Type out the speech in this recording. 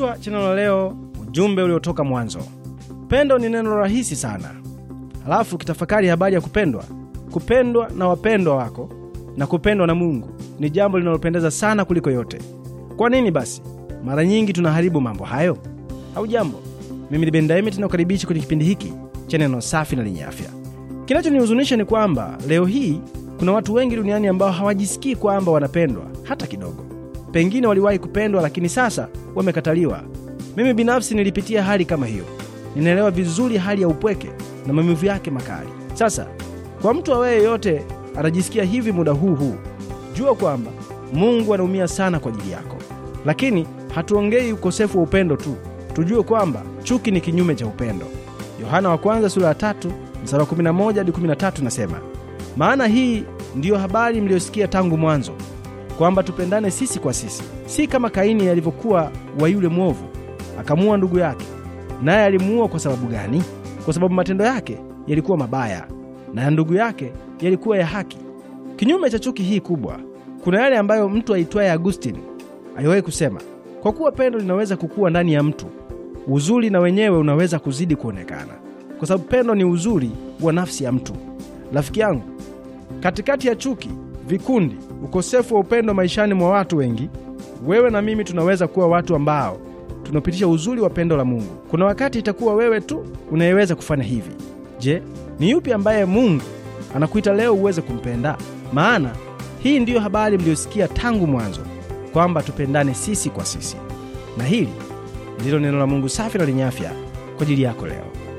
Kichwa cha neno la leo, ujumbe uliotoka mwanzo. Pendo ni neno rahisi sana, halafu kitafakari habari ya kupendwa, kupendwa na wapendwa wako na kupendwa na Mungu ni jambo linalopendeza sana kuliko yote. Kwa nini basi mara nyingi tunaharibu mambo hayo? Au jambo, mimi ni Ben na nakukaribisha kwenye kipindi hiki cha neno safi na lenye afya. Kinachonihuzunisha ni kwamba leo hii kuna watu wengi duniani ambao hawajisikii kwamba wanapendwa hata kidogo. Pengine waliwahi kupendwa, lakini sasa wamekataliwa. Mimi binafsi nilipitia hali kama hiyo, ninaelewa vizuri hali ya upweke na maumivu yake makali. Sasa kwa mtu awaye yeyote anajisikia hivi muda huu huu, jua kwamba Mungu anaumia sana kwa ajili yako. Lakini hatuongei ukosefu wa upendo tu, tujue kwamba chuki ni kinyume cha upendo. Yohana wa kwanza sura ya tatu mstari wa hadi nasema, maana hii ndiyo habari mliyosikia tangu mwanzo kwamba tupendane sisi kwa sisi, si kama Kaini alivyokuwa wa yule mwovu akamuua ndugu yake. Naye alimuua kwa sababu gani? Kwa sababu matendo yake yalikuwa mabaya na ya ndugu yake yalikuwa ya haki. Kinyume cha chuki hii kubwa, kuna yale ambayo mtu aitwaye Agustini aliwahi kusema, kwa kuwa pendo linaweza kukua ndani ya mtu, uzuri na wenyewe unaweza kuzidi kuonekana, kwa sababu pendo ni uzuri wa nafsi ya mtu. Rafiki yangu, katikati ya chuki, vikundi ukosefu wa upendo maishani mwa watu wengi. Wewe na mimi tunaweza kuwa watu ambao tunapitisha uzuri wa pendo la Mungu. Kuna wakati itakuwa wewe tu unayeweza kufanya hivi. Je, ni yupi ambaye Mungu anakuita leo uweze kumpenda? Maana hii ndiyo habari mliyosikia tangu mwanzo, kwamba tupendane sisi kwa sisi, na hili ndilo neno la Mungu safi na lenye afya kwa ajili yako leo.